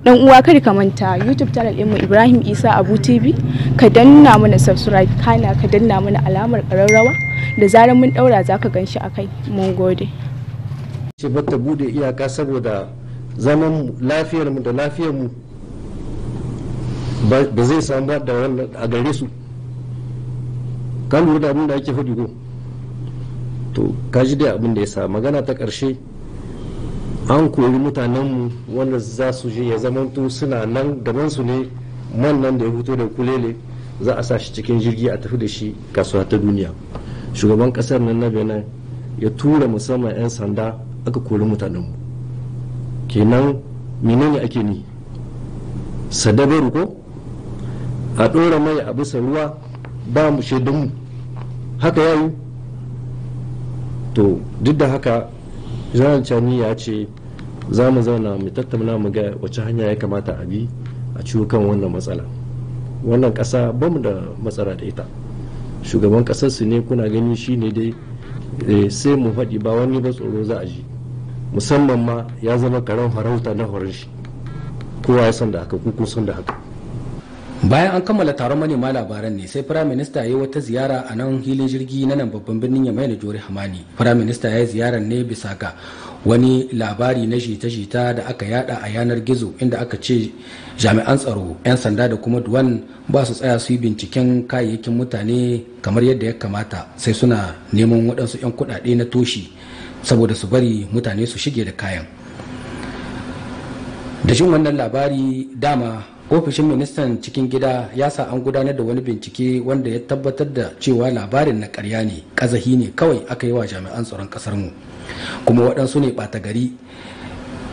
dan uwa kada ka manta youtube channel mu ibrahim isa abu tv ka danna mana subscribe kana ka danna mana alamar kararrawa da zarar mun daura za ka ganshi a kai mun gode ce bata bude iyaka saboda zaman lafiyar mu da lafiyar mu ba zai samu ba da wannan a gare su ka lura da abin da ake faɗi ko to kaji da abin da ya sa magana ta karshe an kori mutanenmu wanda za su je ya zamanto suna nan gaban su ne man nan da ya fito da kulele za a sa shi cikin jirgi a tafi da shi kasuwa ta duniya shugaban kasar nan na benin ya tura musamman 'yan sanda aka kori mutanenmu kenan menene ake ni sadabaru ko a ɗora mai a bisa ruwa ba mu shaidunmu haka yayi to duk da haka jiran cani ya ce za mu zauna mu tattauna mu ga wacce hanya ya kamata a bi a ciwo kan wannan matsala wannan ƙasa ba mu da matsala da ita shugaban ƙasar su ne kuna gani shi ne dai eh, sai mu faɗi ba wani ba tsoro za a ji musamman ma ya zama karen farauta na horon shi kowa ya san da haka kuku san da haka bayan an kammala taron manema labaran ne sai firayim minista ya yi wata ziyara a nan hilin jirgi na nan babban birnin yamai da jori hamani firayim minista ya yi ziyarar ne bisa ga wani labari na jita-jita da aka yada a yanar gizo inda aka ce jami'an tsaro 'yan sanda da kuma duwan ba su tsaya su yi binciken kayayyakin mutane kamar yadda ya kamata sai suna neman waɗansu 'yan kuɗaɗe na toshi saboda su bari mutane su shige da kayan da jin wannan labari dama ofishin ministan cikin gida ya sa an gudanar da wani bincike wanda ya tabbatar da cewa labarin na karya ne kazahi ne kawai aka yi wa jami'an tsaron kasar mu kuma waɗansu ne ɓata gari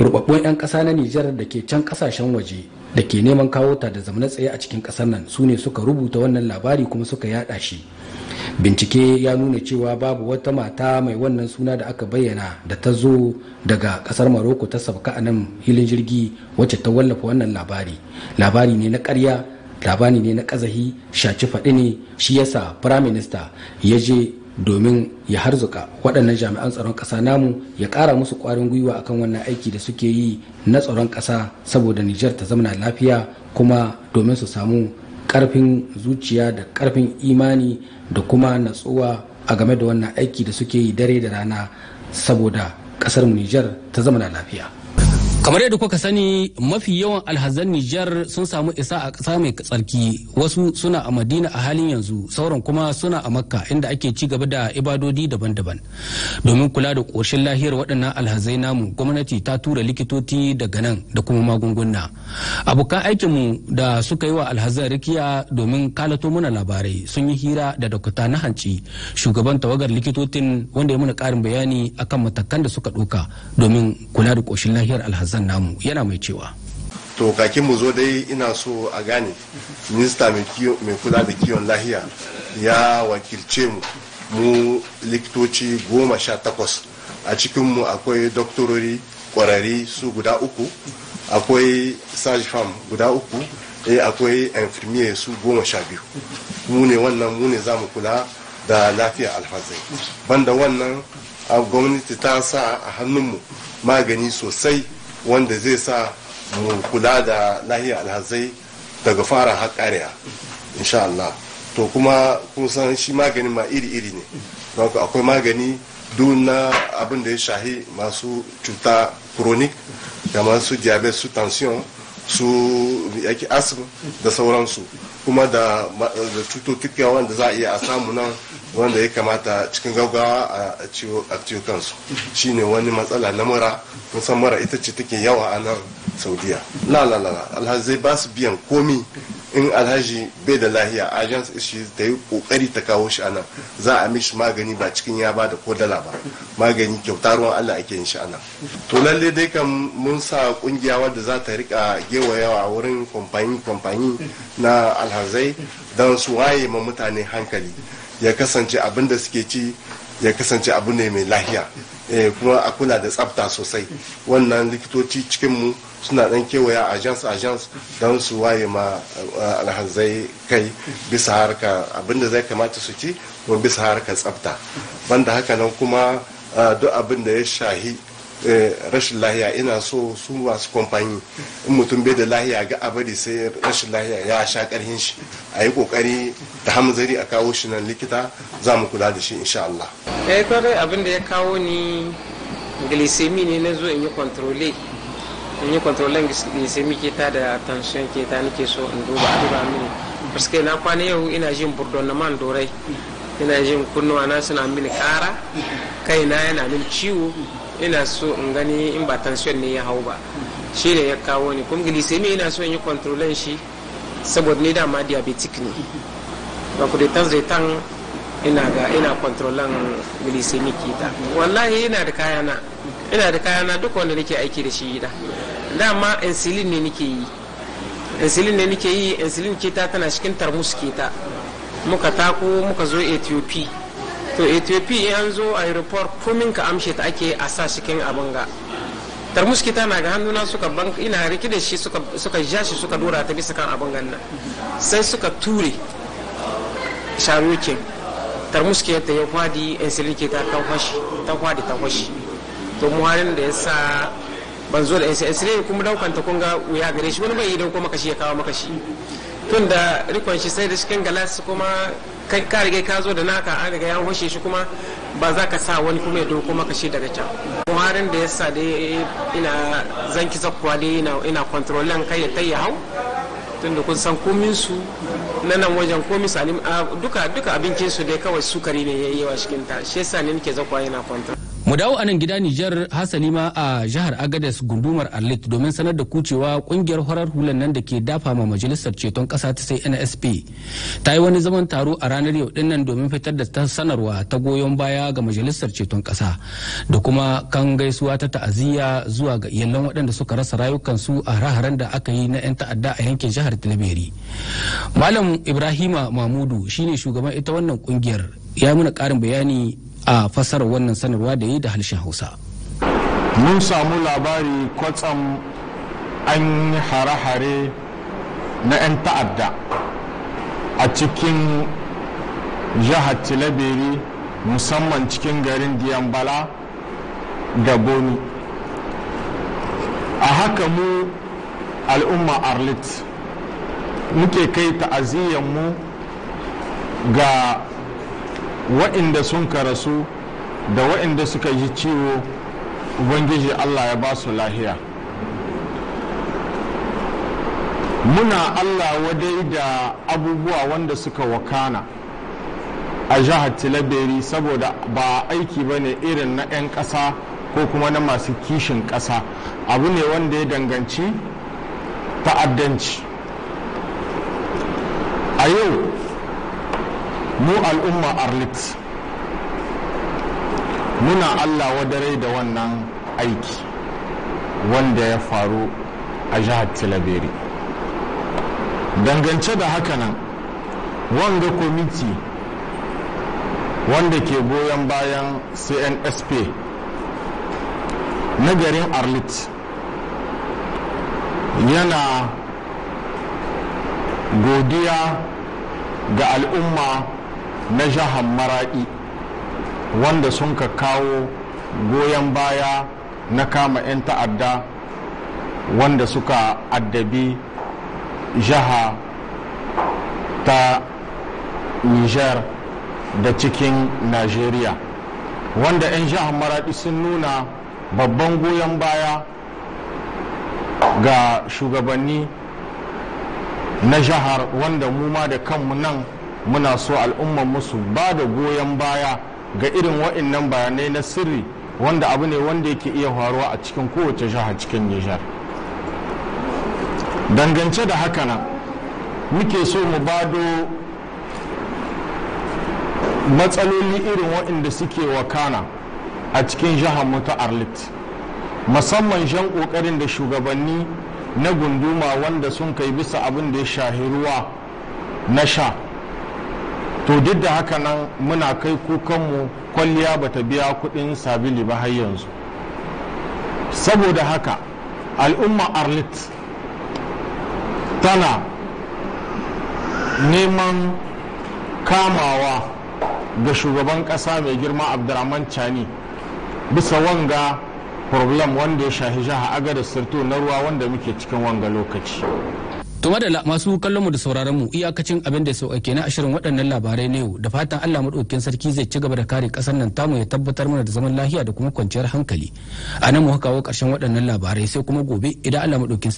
rubabbun 'yan ƙasa na nijar da ke can ƙasashen waje da ke neman kawo ta da zamana tsaye a cikin ƙasar nan su ne suka rubuta wannan labari kuma suka yada shi bincike ya nuna cewa babu wata mata mai wannan suna da aka bayyana da ta zo daga kasar maroko ta sabka a nan hilin jirgi wacce ta wallafa wannan labari labari ne na karya labari ne na kazahi shaci faɗi ne shi yasa firaminista ya je domin ya harzuka waɗannan jami'an tsaron ƙasa namu ya ƙara musu ƙwarin gwiwa akan wannan aiki da suke yi na tsaron ƙasa saboda Nijar ta zamana lafiya kuma domin su samu ƙarfin zuciya da ƙarfin imani da kuma natsuwa a game da wannan aiki da suke yi dare da rana saboda ƙasar Nijar ta zamana lafiya. kamar yadda kuka sani mafi yawan alhazan Nijar sun samu isa a ƙasa mai tsarki wasu suna a Madina a halin yanzu sauran kuma suna a Makka inda ake ci gaba da ibadodi daban-daban domin kula da ƙoshin lahiyar waɗannan alhazai namu gwamnati ta tura likitoci daga nan da kuma magunguna abokan aikinmu da suka yi wa alhazan rikiya domin kalato mana labarai sun yi hira da dakuta na hanci shugaban tawagar likitocin wanda ya mana ƙarin bayani akan matakan da suka ɗauka domin kula da ƙoshin lahiyar alhazan ƙasan namu yana mai cewa to kakin mu zo dai ina so a gane minista mai kula da kiwon lahiya ya wakilce mu mu likitoci goma sha takwas a cikinmu akwai doktorori kwararri su guda uku akwai farm guda uku eh, akwai infirmiye su goma sha biyu mu ne wannan mu ne za mu kula da lafiya alhazai banda wannan gwamnati ta sa a hannunmu magani sosai wanda zai sa mu kula da lahiyar alhazai daga fara har ƙariya insha Allah to kuma kun san shi maganin ma iri-iri ne don akwai magani duk na abin da ya shahi masu cuta chronic da masu diabetes su tension su yaki asma da sauransu kuma da cututtuka wanda za a iya a samu nan wanda ya kamata cikin gaggawa a ciwo kansu shi ne wani matsala na mura san mura ita ce take yawa a nan saudiya la la ba su biyan komi in alhaji bai da lahiya agents shi ta yi kokari ta kawo shi a nan za a mishi magani ba cikin ya ba da ko dala ba magani kyauta ruwan allah ake yin shi anan to lalle dai kan mun sa kungiya wadda za ta rika a wurin kwamfani kwamfani na alhazai don su waye ma mutane hankali ya kasance abin da suke ci ya kasance abu ne mai lahiya eh, kuma a kula da tsafta sosai wannan likitoci cikinmu suna dan kewaya agents agents don su waye ma eh, alhazai kai bisa harka abinda zai kamata su ci ko bisa harka tsafta banda haka nan kuma eh, duk abin da ya shahi Eh, rashin lahiya ina so su masu kwamfani in mutum bai da lahiya ga abadi sai rashin lahiya ya sha karhin shi a yi kokari da hamzari a kawo shi nan likita za mu kula da shi insha Allah. ya yi kwarai abin da ya kawo ni glisemi ne na zo in yi kontrole in yi kontrolen glisemi ke ta da tension ke ta nake so in duba a duba mini paske na kwana yau ina jin burdon na man dorai ina jin kunnuwa na suna mini kara kaina yana min ciwo ina so in gani in ba tension ne ya hau ba shi ne ya kawo ni kuma glycemia ina so in yi controlin shi saboda ni dama diabetic ne ba ku da tan ina ga ina controlin glycemic ita wallahi ina da kayana ina da kayana duk wanda nake aiki da shi da dama insulin ne nake yi insulin ne nake yi insulin kita tana cikin tarmus kita muka tako muka zo ethiopia to ethiopia an zo a report komin ka amshe ta ake a sa cikin abin ga tarmus kita na ga hannuna suka ban ina riki da shi suka ja shi suka dora ta bisa kan abin ganna sai suka ture sharukin tarmus ta ya kwadi in silike ta ta fashi ta kwadi ta kwashi to muharin da ya sa ban zo da insulin kuma daukan ta kunga ga wuya gare shi wani bai yi dauko makashi ya kawo makashi tun da rikon shi sai da cikin galas kuma kai ka riga ka zo da naka an riga ya hushe shi kuma ba za ka sa wani kuma ya doko maka shi daga can buharin da ya sa da ina zan ki zakkuwa da ina ina kontrolan kai ya ya hau tunda kun san komin su na nan wajen ko misali duka duka abincin su dai kawai sukari ne yi yawa cikin ta shi yasa ne nake zakkuwa yana kontrol mu dawo a nan gida Nijar Hassani ma a jihar Agadez gundumar Arlit domin sanar da kucewa kungiyar horar hulan nan da ke dafa ma majalisar ceton kasa ta sai NSP ta yi wani zaman taro a ranar yau din domin fitar da ta sanarwa ta goyon baya ga majalisar ceton kasa da kuma kan gaisuwa ta ta'aziyya zuwa ga iyalan waɗanda suka rasa rayukansu a raharan da aka yi na 'yan ta'adda a yankin jihar tilbiri Malam Ibrahima Mamudu shine shugaban ita wannan kungiyar ya muna karin bayani a fasar wannan sanarwa da yi da harshen hausa mun samu labari kwatsam an yi hare-hare na 'yan ta'adda a cikin jihar tilaberi musamman cikin garin diyambala da boni a haka mu al'umma arlit muke kai mu ga waɗanda sun karasu da waɗanda suka yi ciwo ubangiji allah ya ba su lahiya muna allah wadai da abubuwa wanda suka wakana a jihar tilaberi saboda ba aiki ba ne irin na 'yan ƙasa ko kuma na masu kishin ƙasa abu ne wanda ya danganci ta'addanci a yau mu al'umma arlit muna allah wadare da wannan aiki wanda ya faru a jihar tilaberi dangance da hakanan wanga kwamiti wanda ke goyon bayan cnsp na garin arlit yana godiya ga al'umma na jihar maraɗi wanda sun ka kawo goyon baya na kama 'yan ta'adda wanda suka addabi jiha ta niger da cikin nigeria wanda 'yan jihar maraɗi sun nuna babban goyon baya ga shugabanni na jihar wanda mu ma da kanmu nan muna so al'ummar musu ba da goyon baya ga irin wa'annan bayanai na sirri wanda abu ne wanda yake iya faruwa a cikin kowace jiha cikin nijar dangance da haka na muke so mu bado matsaloli irin waanda suke wakana a cikin jihar mu arlit musamman jan kokarin da shugabanni na gunduma wanda sun kai bisa abin da ya shahi ruwa na sha to duk da haka nan muna kai kukanmu kwalliya ba ta biya kudin sabili ba har yanzu saboda haka al'umma arlit tana neman kamawa ga shugaban kasa mai girma abdurrahman chani bisa wanga problem wanda ya shahi jiha da sirto na ruwa wanda muke cikin wanga lokaci To madalla masu kallon mu da sauraron mu iyakacin abin da sauka kenan a shirin waɗannan labarai na yau da fatan Allah madaukakin sarki zai ci gaba da kare ƙasar nan tamu ya tabbatar mana da zaman lafiya da kuma kwanciyar hankali. A nan mu kawo ƙarshen waɗannan labarai sai kuma gobe idan Allah madaukakin